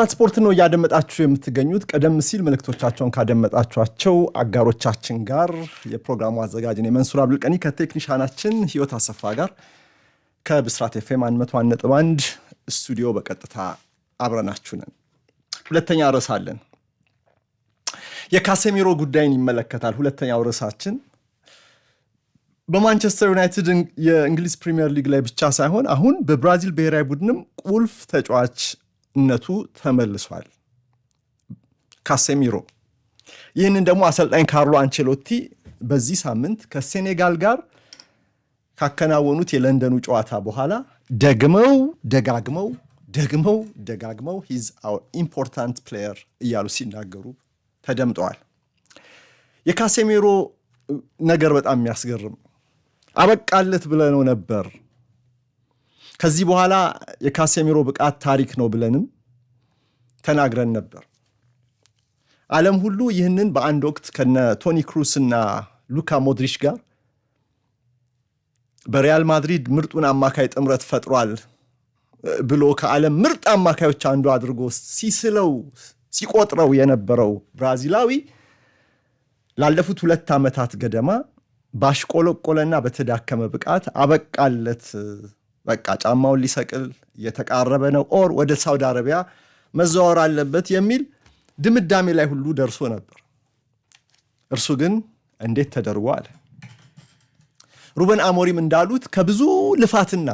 ትራንስፖርት ስፖርት ነው እያደመጣችሁ የምትገኙት። ቀደም ሲል መልእክቶቻቸውን ካደመጣችኋቸው አጋሮቻችን ጋር የፕሮግራሙ አዘጋጅ ነው መንሱር አብዱልቀኒ ከቴክኒሻናችን ህይወት አሰፋ ጋር ከብስራት ኤፍኤም 101.1 ስቱዲዮ በቀጥታ አብረናችሁ ነን። ሁለተኛ ርዕስ አለን። የካሴሚሮ ጉዳይን ይመለከታል። ሁለተኛው ርዕሳችን በማንቸስተር ዩናይትድ የእንግሊዝ ፕሪምየር ሊግ ላይ ብቻ ሳይሆን አሁን በብራዚል ብሔራዊ ቡድንም ቁልፍ ተጫዋች ነቱ ተመልሷል። ካሴሚሮ ይህንን ደግሞ አሰልጣኝ ካርሎ አንቸሎቲ በዚህ ሳምንት ከሴኔጋል ጋር ካከናወኑት የለንደኑ ጨዋታ በኋላ ደግመው ደጋግመው ደግመው ደጋግመው ሂዝ አወር ኢምፖርታንት ፕሌየር እያሉ ሲናገሩ ተደምጠዋል። የካሴሚሮ ነገር በጣም የሚያስገርም አበቃለት ብለነው ነበር ከዚህ በኋላ የካሴሚሮ ብቃት ታሪክ ነው ብለንም ተናግረን ነበር። ዓለም ሁሉ ይህንን በአንድ ወቅት ከነ ቶኒ ክሩስ እና ሉካ ሞድሪች ጋር በሪያል ማድሪድ ምርጡን አማካይ ጥምረት ፈጥሯል ብሎ ከዓለም ምርጥ አማካዮች አንዱ አድርጎ ሲስለው ሲቆጥረው የነበረው ብራዚላዊ ላለፉት ሁለት ዓመታት ገደማ ባሽቆለቆለና በተዳከመ ብቃት አበቃለት በቃ ጫማውን ሊሰቅል እየተቃረበ ነው፣ ኦር ወደ ሳውዲ አረቢያ መዘዋወር አለበት የሚል ድምዳሜ ላይ ሁሉ ደርሶ ነበር። እርሱ ግን እንዴት ተደርጎ አለ። ሩበን አሞሪም እንዳሉት ከብዙ ልፋትና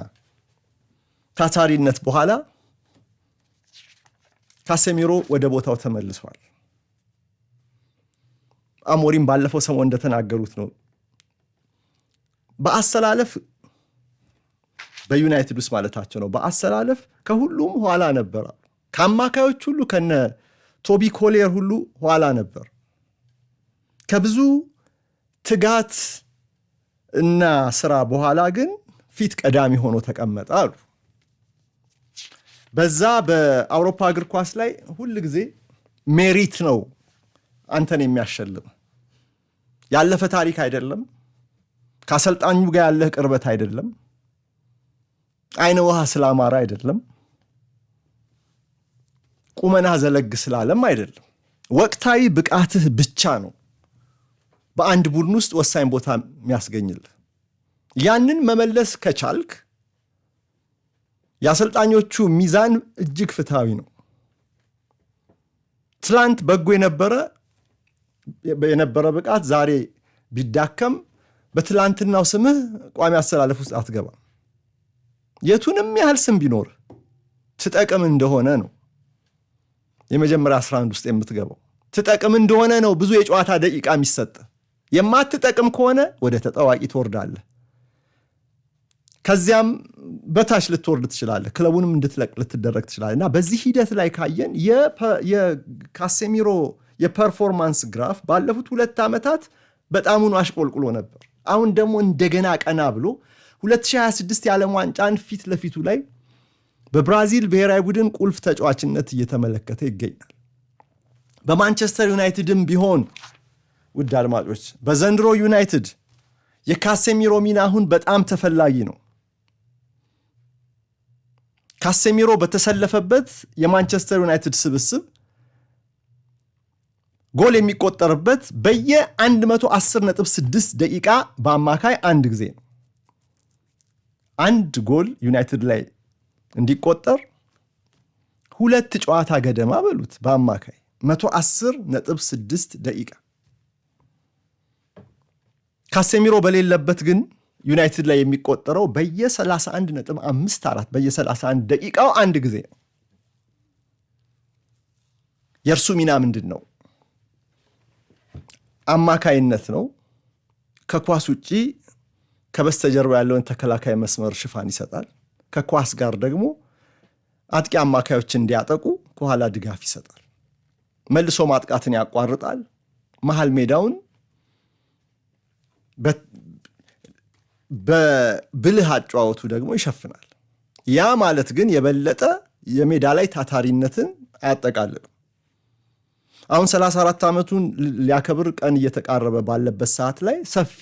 ታታሪነት በኋላ ካሴሚሮ ወደ ቦታው ተመልሷል። አሞሪም ባለፈው ሰሞን እንደተናገሩት ነው በአሰላለፍ በዩናይትድ ውስጥ ማለታቸው ነው። በአሰላለፍ ከሁሉም ኋላ ነበር። ከአማካዮች ሁሉ ከነ ቶቢ ኮሌር ሁሉ ኋላ ነበር። ከብዙ ትጋት እና ስራ በኋላ ግን ፊት ቀዳሚ ሆኖ ተቀመጠ አሉ። በዛ በአውሮፓ እግር ኳስ ላይ ሁል ጊዜ ሜሪት ነው አንተን የሚያሸልም ያለፈ ታሪክ አይደለም። ከአሰልጣኙ ጋር ያለህ ቅርበት አይደለም። አይነ ውሃ ስላማረ አይደለም። ቁመና ዘለግ ስላለም አይደለም። ወቅታዊ ብቃትህ ብቻ ነው በአንድ ቡድን ውስጥ ወሳኝ ቦታ የሚያስገኝልህ። ያንን መመለስ ከቻልክ የአሰልጣኞቹ ሚዛን እጅግ ፍትሐዊ ነው። ትላንት በጎ የነበረ የነበረ ብቃት ዛሬ ቢዳከም በትላንትናው ስምህ ቋሚ አሰላለፍ ውስጥ አትገባም። የቱንም ያህል ስም ቢኖር ትጠቅም እንደሆነ ነው የመጀመሪያ 11 ውስጥ የምትገባው። ትጠቅም እንደሆነ ነው ብዙ የጨዋታ ደቂቃ የሚሰጥ። የማትጠቅም ከሆነ ወደ ተጠዋቂ ትወርዳለ ከዚያም በታች ልትወርድ ትችላለ ክለቡንም እንድትለቅ ልትደረግ ትችላለ እና በዚህ ሂደት ላይ ካየን የካሴሚሮ የፐርፎርማንስ ግራፍ ባለፉት ሁለት ዓመታት በጣሙን አሽቆልቁሎ ነበር። አሁን ደግሞ እንደገና ቀና ብሎ 2026 የዓለም ዋንጫን ፊት ለፊቱ ላይ በብራዚል ብሔራዊ ቡድን ቁልፍ ተጫዋችነት እየተመለከተ ይገኛል። በማንቸስተር ዩናይትድም ቢሆን ውድ አድማጮች በዘንድሮ ዩናይትድ የካሴሚሮ ሚና አሁን በጣም ተፈላጊ ነው። ካሴሚሮ በተሰለፈበት የማንቸስተር ዩናይትድ ስብስብ ጎል የሚቆጠርበት በየ110.6 ደቂቃ በአማካይ አንድ ጊዜ ነው። አንድ ጎል ዩናይትድ ላይ እንዲቆጠር ሁለት ጨዋታ ገደማ በሉት በአማካይ 110 ነጥብ 6 ደቂቃ ካሴሚሮ በሌለበት ግን ዩናይትድ ላይ የሚቆጠረው በየ31 ነጥብ 54 በየ31 ደቂቃው አንድ ጊዜ ነው። የእርሱ ሚና ምንድን ነው? አማካይነት ነው። ከኳስ ውጪ ከበስተጀርባ ያለውን ተከላካይ መስመር ሽፋን ይሰጣል። ከኳስ ጋር ደግሞ አጥቂ አማካዮች እንዲያጠቁ ከኋላ ድጋፍ ይሰጣል። መልሶ ማጥቃትን ያቋርጣል። መሀል ሜዳውን በብልህ አጨዋወቱ ደግሞ ይሸፍናል። ያ ማለት ግን የበለጠ የሜዳ ላይ ታታሪነትን አያጠቃልልም። አሁን 34 ዓመቱን ሊያከብር ቀን እየተቃረበ ባለበት ሰዓት ላይ ሰፊ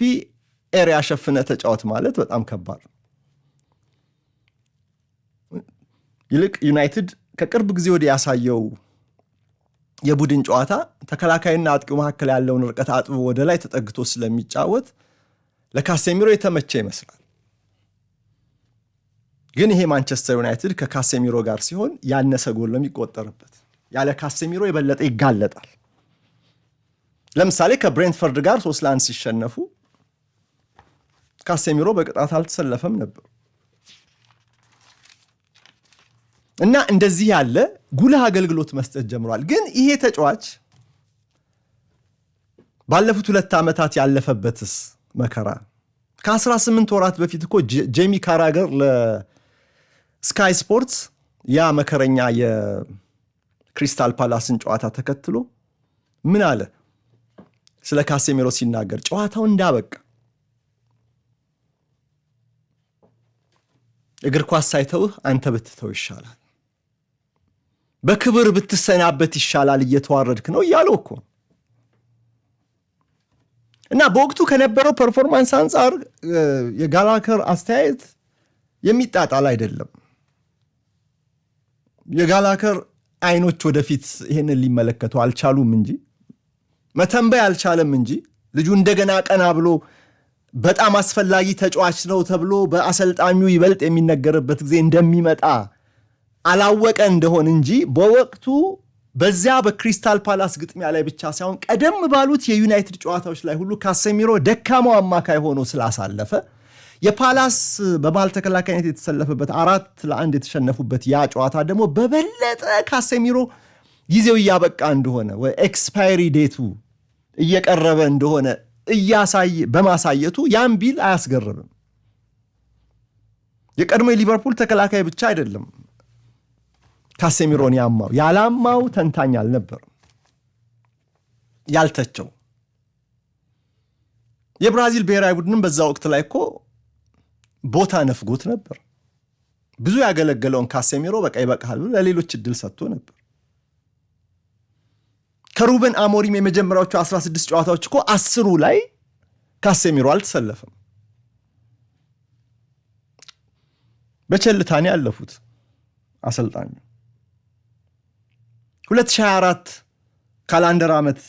ኤሪያ ሸፍነ ተጫወት ማለት በጣም ከባድ ይልቅ ዩናይትድ ከቅርብ ጊዜ ወዲህ ያሳየው የቡድን ጨዋታ ተከላካይና አጥቂው መካከል ያለውን ርቀት አጥቦ ወደ ላይ ተጠግቶ ስለሚጫወት ለካሴሚሮ የተመቸ ይመስላል። ግን ይሄ ማንቸስተር ዩናይትድ ከካሴሚሮ ጋር ሲሆን ያነሰ ጎል የሚቆጠርበት። ያለ ካሴሚሮ የበለጠ ይጋለጣል። ለምሳሌ ከብሬንትፈርድ ጋር ሶስት ለአንድ ሲሸነፉ ካሴሚሮ በቅጣት አልተሰለፈም ነበር እና እንደዚህ ያለ ጉልህ አገልግሎት መስጠት ጀምሯል። ግን ይሄ ተጫዋች ባለፉት ሁለት ዓመታት ያለፈበትስ መከራ ከ18 ወራት በፊት እኮ ጄሚ ካራገር ለስካይ ስፖርትስ ያ መከረኛ የክሪስታል ፓላስን ጨዋታ ተከትሎ ምን አለ? ስለ ካሴሜሮ ሲናገር ጨዋታው እንዳበቃ እግር ኳስ ሳይተውህ አንተ ብትተው ይሻላል፣ በክብር ብትሰናበት ይሻላል፣ እየተዋረድክ ነው እያለው እኮ እና በወቅቱ ከነበረው ፐርፎርማንስ አንጻር የጋላከር አስተያየት የሚጣጣል አይደለም። የጋላከር አይኖች ወደፊት ይህንን ሊመለከቱ አልቻሉም እንጂ መተንበይ አልቻለም እንጂ ልጁ እንደገና ቀና ብሎ በጣም አስፈላጊ ተጫዋች ነው ተብሎ በአሰልጣኙ ይበልጥ የሚነገርበት ጊዜ እንደሚመጣ አላወቀ እንደሆን እንጂ በወቅቱ በዚያ በክሪስታል ፓላስ ግጥሚያ ላይ ብቻ ሳይሆን ቀደም ባሉት የዩናይትድ ጨዋታዎች ላይ ሁሉ ካሴሚሮ ደካማው አማካይ ሆኖ ስላሳለፈ የፓላስ በመሃል ተከላካይነት የተሰለፈበት አራት ለአንድ የተሸነፉበት ያ ጨዋታ ደግሞ በበለጠ ካሴሚሮ ጊዜው እያበቃ እንደሆነ ኤክስፓይሪ ዴቱ እየቀረበ እንደሆነ እያሳየ በማሳየቱ ያን ቢል አያስገርምም። የቀድሞ የሊቨርፑል ተከላካይ ብቻ አይደለም ካሴሚሮን ያማው ያላማው ተንታኝ አልነበር ያልተቸው የብራዚል ብሔራዊ ቡድንም በዛ ወቅት ላይ እኮ ቦታ ነፍጎት ነበር። ብዙ ያገለገለውን ካሴሚሮ በቃ ይበቃሃል ብሎ ለሌሎች እድል ሰጥቶ ነበር። ከሩበን አሞሪም የመጀመሪያዎቹ 16 ጨዋታዎች እኮ አስሩ ላይ ካሴሚሮ አልተሰለፈም። በቸልታኔ ያለፉት አሰልጣኙ 2024 ካላንደር ዓመት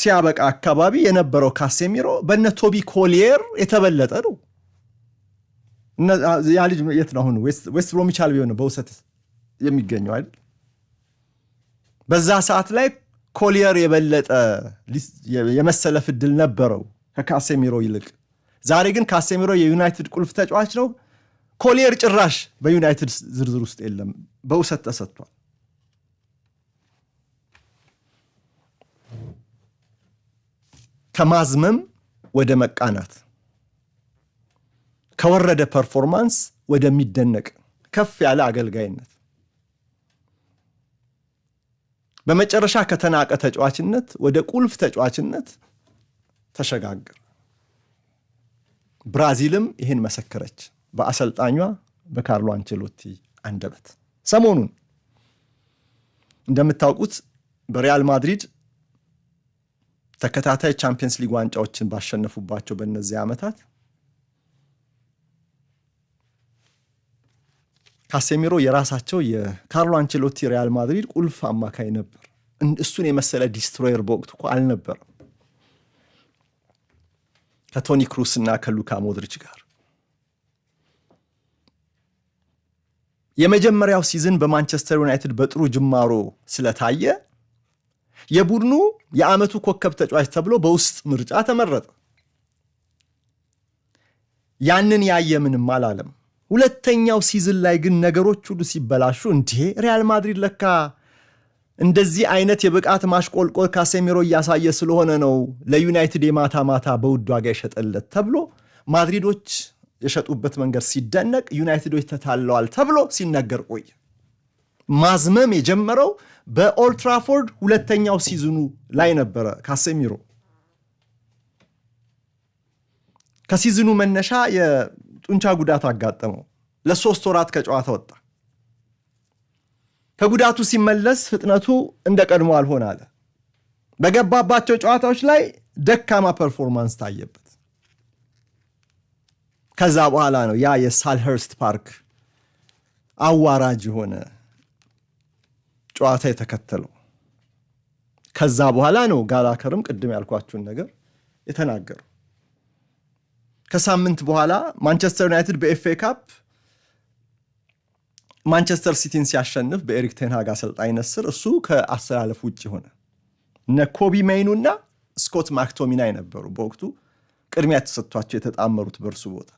ሲያበቃ አካባቢ የነበረው ካሴሚሮ በነ ቶቢ ኮሊየር የተበለጠ ነው። ያ ልጅ የት ነው አሁን? ዌስት ብሮሚች አልቢዮን ነው በውሰት የሚገኘው አይደል? በዛ ሰዓት ላይ ኮሊየር የበለጠ የመሰለፍ ፍድል ነበረው ከካሴሚሮ ይልቅ። ዛሬ ግን ካሴሚሮ የዩናይትድ ቁልፍ ተጫዋች ነው። ኮሊየር ጭራሽ በዩናይትድ ዝርዝር ውስጥ የለም፣ በውሰት ተሰጥቷል። ከማዝመም ወደ መቃናት፣ ከወረደ ፐርፎርማንስ ወደሚደነቅ ከፍ ያለ አገልጋይነት በመጨረሻ ከተናቀ ተጫዋችነት ወደ ቁልፍ ተጫዋችነት ተሸጋገረ። ብራዚልም ይህን መሰከረች በአሰልጣኟ በካርሎ አንቸሎቲ አንደበት። ሰሞኑን እንደምታውቁት በሪያል ማድሪድ ተከታታይ ቻምፒየንስ ሊግ ዋንጫዎችን ባሸነፉባቸው በእነዚህ ዓመታት ካሴሚሮ የራሳቸው የካርሎ አንቸሎቲ ሪያል ማድሪድ ቁልፍ አማካይ ነበር። እሱን የመሰለ ዲስትሮየር በወቅት እኮ አልነበረም ከቶኒ ክሩስ እና ከሉካ ሞድሪች ጋር የመጀመሪያው ሲዝን በማንቸስተር ዩናይትድ በጥሩ ጅማሮ ስለታየ የቡድኑ የአመቱ ኮከብ ተጫዋች ተብሎ በውስጥ ምርጫ ተመረጠ። ያንን ያየ ምንም አላለም። ሁለተኛው ሲዝን ላይ ግን ነገሮች ሁሉ ሲበላሹ እንዲህ ሪያል ማድሪድ ለካ እንደዚህ አይነት የብቃት ማሽቆልቆል ካሴሚሮ እያሳየ ስለሆነ ነው ለዩናይትድ የማታ ማታ በውድ ዋጋ የሸጠለት ተብሎ ማድሪዶች የሸጡበት መንገድ ሲደነቅ፣ ዩናይትዶች ተታለዋል ተብሎ ሲነገር ቆይ ማዝመም የጀመረው በኦልትራፎርድ ሁለተኛው ሲዝኑ ላይ ነበረ። ካሴሚሮ ከሲዝኑ መነሻ ጡንቻ ጉዳት አጋጠመው። ለሶስት ወራት ከጨዋታ ወጣ። ከጉዳቱ ሲመለስ ፍጥነቱ እንደ ቀድሞ አልሆን አለ። በገባባቸው ጨዋታዎች ላይ ደካማ ፐርፎርማንስ ታየበት። ከዛ በኋላ ነው ያ የሳልኸርስት ፓርክ አዋራጅ የሆነ ጨዋታ የተከተለው። ከዛ በኋላ ነው ጋላከርም ቅድም ያልኳችሁን ነገር የተናገረው። ከሳምንት በኋላ ማንቸስተር ዩናይትድ በኤፍኤ ካፕ ማንቸስተር ሲቲን ሲያሸንፍ በኤሪክ ቴንሃግ አሰልጣኝነት ስር እሱ ከአሰላለፍ ውጭ ሆነ። እነ ኮቢ ሜይኑ እና ስኮት ማክቶሚና ነበሩ በወቅቱ ቅድሚያ ተሰጥቷቸው የተጣመሩት በእርሱ ቦታ።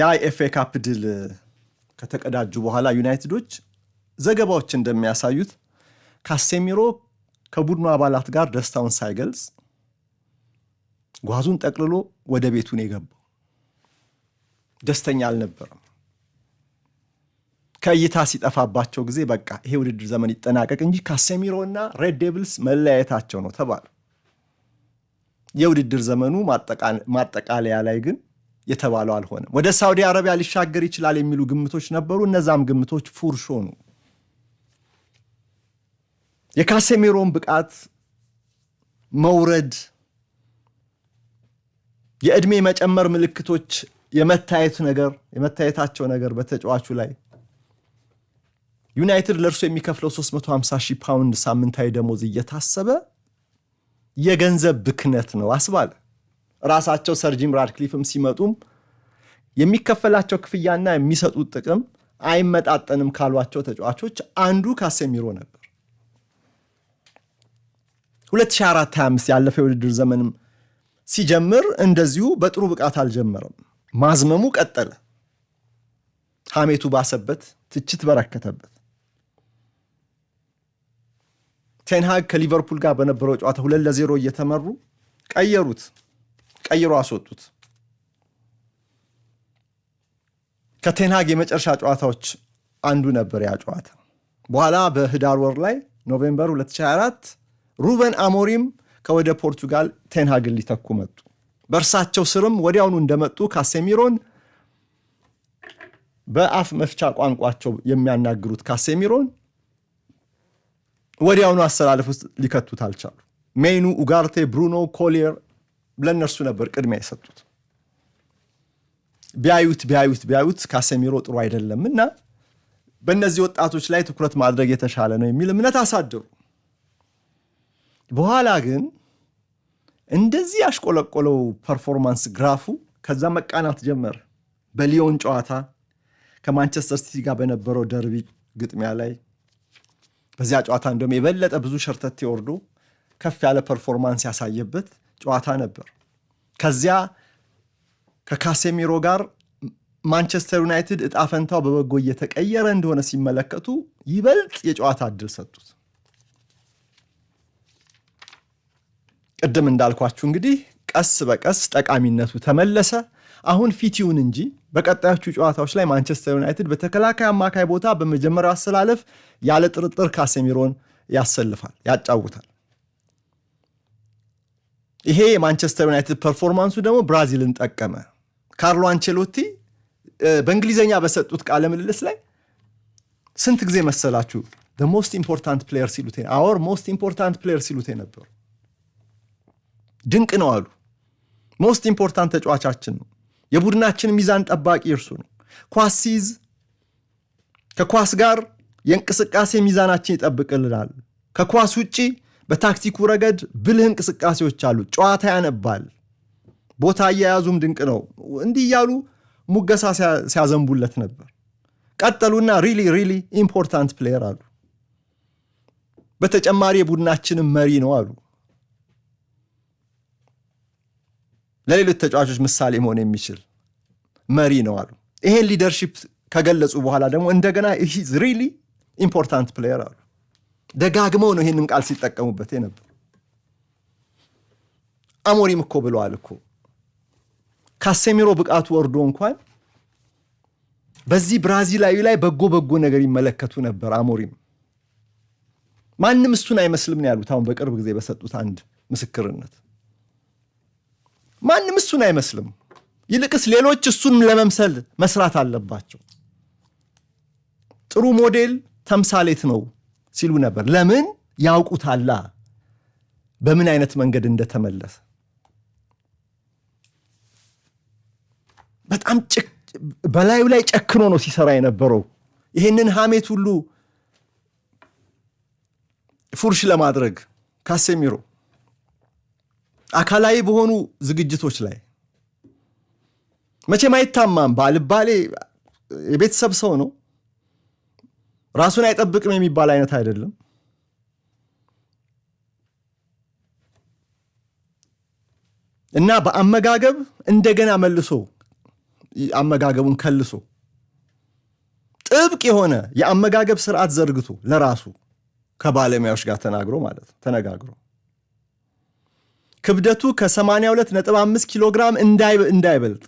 ያ የኤፍኤ ካፕ ድል ከተቀዳጁ በኋላ ዩናይትዶች ዘገባዎች እንደሚያሳዩት ካሴሚሮ ከቡድኑ አባላት ጋር ደስታውን ሳይገልጽ ጓዙን ጠቅልሎ ወደ ቤቱን የገባው። ደስተኛ አልነበረም። ከእይታ ሲጠፋባቸው ጊዜ በቃ ይሄ ውድድር ዘመን ይጠናቀቅ እንጂ እና ሬድ ዴቪልስ መለያየታቸው ነው ተባለ። የውድድር ዘመኑ ማጠቃለያ ላይ ግን የተባለው አልሆነም። ወደ ሳውዲ አረቢያ ሊሻገር ይችላል የሚሉ ግምቶች ነበሩ። እነዛም ግምቶች ፉርሾ ነው። የካሴሜሮን ብቃት መውረድ የእድሜ መጨመር ምልክቶች የመታየት ነገር የመታየታቸው ነገር በተጫዋቹ ላይ ዩናይትድ ለእርሱ የሚከፍለው 350 ሺህ ፓውንድ ሳምንታዊ ደሞዝ እየታሰበ የገንዘብ ብክነት ነው አስባለ። ራሳቸው ሰርጂም ራድክሊፍም ሲመጡም የሚከፈላቸው ክፍያና የሚሰጡት ጥቅም አይመጣጠንም ካሏቸው ተጫዋቾች አንዱ ካሴሚሮ ነበር። 2425 ያለፈው የውድድር ዘመንም ሲጀምር እንደዚሁ በጥሩ ብቃት አልጀመረም። ማዝመሙ ቀጠለ። ሐሜቱ ባሰበት፣ ትችት በረከተበት። ቴንሃግ ከሊቨርፑል ጋር በነበረው ጨዋታ ሁለት ለዜሮ እየተመሩ ቀየሩት፣ ቀይሮ አስወጡት። ከቴንሃግ የመጨረሻ ጨዋታዎች አንዱ ነበር ያ ጨዋታ። በኋላ በህዳር ወር ላይ ኖቬምበር 2024 ሩበን አሞሪም ከወደ ፖርቱጋል ቴንሃግን ሊተኩ መጡ። በእርሳቸው ስርም ወዲያውኑ እንደመጡ ካሴሚሮን በአፍ መፍቻ ቋንቋቸው የሚያናግሩት ካሴሚሮን ወዲያውኑ አሰላለፍ ውስጥ ሊከቱት አልቻሉ። ሜኑ፣ ኡጋርቴ፣ ብሩኖ፣ ኮሊየር ለእነርሱ ነበር ቅድሚያ የሰጡት። ቢያዩት ቢያዩት ቢያዩት ካሴሚሮ ጥሩ አይደለም እና በእነዚህ ወጣቶች ላይ ትኩረት ማድረግ የተሻለ ነው የሚል እምነት አሳድሩ። በኋላ ግን እንደዚህ ያሽቆለቆለው ፐርፎርማንስ ግራፉ ከዛ መቃናት ጀመር። በሊዮን ጨዋታ ከማንቸስተር ሲቲ ጋር በነበረው ደርቢ ግጥሚያ ላይ በዚያ ጨዋታ እንደውም የበለጠ ብዙ ሸርተቴ ወርዶ ከፍ ያለ ፐርፎርማንስ ያሳየበት ጨዋታ ነበር። ከዚያ ከካሴሚሮ ጋር ማንቸስተር ዩናይትድ እጣ ፈንታው በበጎ እየተቀየረ እንደሆነ ሲመለከቱ ይበልጥ የጨዋታ እድል ሰጡት። ቅድም እንዳልኳችሁ እንግዲህ ቀስ በቀስ ጠቃሚነቱ ተመለሰ። አሁን ፊት ይሁን እንጂ በቀጣዮቹ ጨዋታዎች ላይ ማንቸስተር ዩናይትድ በተከላካይ አማካይ ቦታ በመጀመሪያው አሰላለፍ ያለ ጥርጥር ካሴሚሮን ያሰልፋል፣ ያጫውታል። ይሄ የማንቸስተር ዩናይትድ ፐርፎርማንሱ ደግሞ ብራዚልን ጠቀመ። ካርሎ አንቸሎቲ በእንግሊዝኛ በሰጡት ቃለ ምልልስ ላይ ስንት ጊዜ መሰላችሁ ሞስት ኢምፖርታንት ፕሌየር ሲሉት አወር ሞስት ኢምፖርታንት ፕሌየር ሲሉት ነበሩ ድንቅ ነው አሉ። ሞስት ኢምፖርታንት ተጫዋቻችን ነው። የቡድናችን ሚዛን ጠባቂ እርሱ ነው። ኳስ ሲይዝ ከኳስ ጋር የእንቅስቃሴ ሚዛናችን ይጠብቅልናል። ከኳስ ውጪ በታክቲኩ ረገድ ብልህ እንቅስቃሴዎች አሉት። ጨዋታ ያነባል። ቦታ አያያዙም ድንቅ ነው። እንዲህ እያሉ ሙገሳ ሲያዘንቡለት ነበር። ቀጠሉና ሪሊ ሪሊ ኢምፖርታንት ፕሌየር አሉ። በተጨማሪ የቡድናችንም መሪ ነው አሉ። ለሌሎች ተጫዋቾች ምሳሌ መሆን የሚችል መሪ ነው አሉ። ይሄን ሊደርሺፕ ከገለጹ በኋላ ደግሞ እንደገና ሂዝ ሪሊ ኢምፖርታንት ፕሌየር አሉ። ደጋግመው ነው ይህንን ቃል ሲጠቀሙበት የነበሩ። አሞሪም እኮ ብለዋል እኮ ካሴሚሮ ብቃቱ ወርዶ እንኳን በዚህ ብራዚላዊ ላይ በጎ በጎ ነገር ይመለከቱ ነበር። አሞሪም ማንም እሱን አይመስልም ነው ያሉት አሁን በቅርብ ጊዜ በሰጡት አንድ ምስክርነት ማንም እሱን አይመስልም። ይልቅስ ሌሎች እሱን ለመምሰል መስራት አለባቸው። ጥሩ ሞዴል ተምሳሌት ነው ሲሉ ነበር። ለምን ያውቁታላ በምን አይነት መንገድ እንደተመለሰ። በጣም በላዩ ላይ ጨክኖ ነው ሲሰራ የነበረው። ይህንን ሐሜት ሁሉ ፉርሽ ለማድረግ ካሴሚሮ አካላዊ በሆኑ ዝግጅቶች ላይ መቼም አይታማም። ባልባሌ የቤተሰብ ሰው ነው፣ ራሱን አይጠብቅም የሚባል አይነት አይደለም። እና በአመጋገብ እንደገና መልሶ አመጋገቡን ከልሶ ጥብቅ የሆነ የአመጋገብ ስርዓት ዘርግቶ ለራሱ ከባለሙያዎች ጋር ተናግሮ ማለት ነው ተነጋግሮ ክብደቱ ከ82.5 ኪሎ ግራም እንዳይበልጥ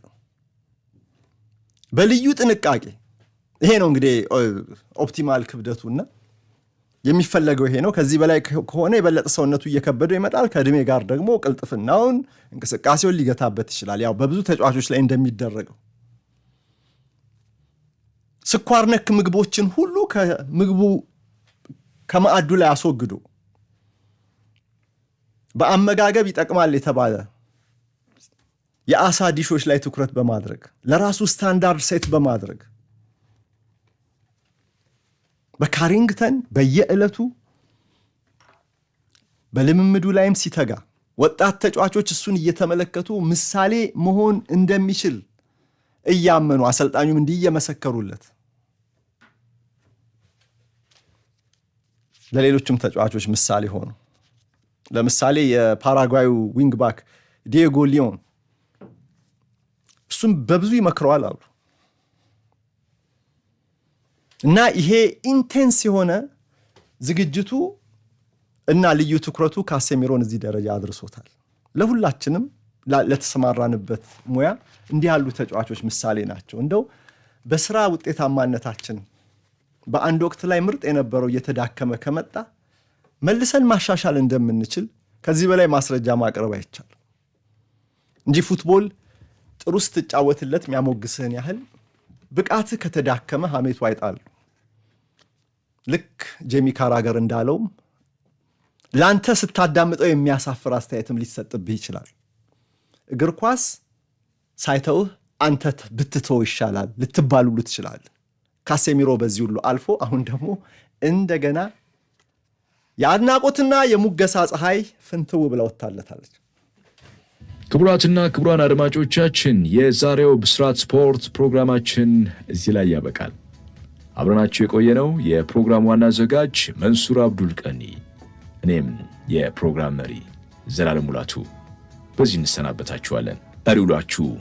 በልዩ ጥንቃቄ። ይሄ ነው እንግዲህ ኦፕቲማል እና የሚፈለገው ይሄ ነው። ከዚህ በላይ ከሆነ የበለጠ ሰውነቱ እየከበደው ይመጣል። ከእድሜ ጋር ደግሞ ቅልጥፍናውን፣ እንቅስቃሴውን ሊገታበት ይችላል። ያው በብዙ ተጫዋቾች ላይ እንደሚደረገው ስኳር ነክ ምግቦችን ሁሉ ከምግቡ ከማዕዱ ላይ አስወግዶ በአመጋገብ ይጠቅማል የተባለ የአሳ ዲሾች ላይ ትኩረት በማድረግ ለራሱ ስታንዳርድ ሴት በማድረግ በካሪንግተን በየዕለቱ በልምምዱ ላይም ሲተጋ ወጣት ተጫዋቾች እሱን እየተመለከቱ ምሳሌ መሆን እንደሚችል እያመኑ አሰልጣኙም እንዲህ እየመሰከሩለት ለሌሎችም ተጫዋቾች ምሳሌ ሆኑ። ለምሳሌ የፓራጓዩ ዊንግ ባክ ዲየጎ ሊዮን እሱም በብዙ ይመክረዋል አሉ እና ይሄ ኢንቴንስ የሆነ ዝግጅቱ እና ልዩ ትኩረቱ ካሴሚሮን እዚህ ደረጃ አድርሶታል። ለሁላችንም ለተሰማራንበት ሙያ እንዲህ ያሉ ተጫዋቾች ምሳሌ ናቸው። እንደው በስራ ውጤታማነታችን በአንድ ወቅት ላይ ምርጥ የነበረው እየተዳከመ ከመጣ መልሰን ማሻሻል እንደምንችል ከዚህ በላይ ማስረጃ ማቅረብ አይቻልም እንጂ ፉትቦል ጥሩ ስትጫወትለት የሚያሞግስህን ያህል ብቃትህ ከተዳከመ ሐሜቱ አይጣል። ልክ ጄሚ ካራገር እንዳለውም ለአንተ ስታዳምጠው የሚያሳፍር አስተያየትም ሊሰጥብህ ይችላል። እግር ኳስ ሳይተውህ አንተ ብትተው ይሻላል ልትባሉሉ ትችላለህ። ካሴሚሮ በዚህ ሁሉ አልፎ አሁን ደግሞ እንደገና የአድናቆትና የሙገሳ ፀሐይ ፍንትው ብላ ወጥታለታለች። ክቡራትና ክቡራን አድማጮቻችን የዛሬው ብስራት ስፖርት ፕሮግራማችን እዚህ ላይ ያበቃል። አብረናችሁ የቆየነው የፕሮግራም ዋና አዘጋጅ መንሱር አብዱል ቀኒ፣ እኔም የፕሮግራም መሪ ዘላለም ሙላቱ በዚህ እንሰናበታችኋለን። ጠሪ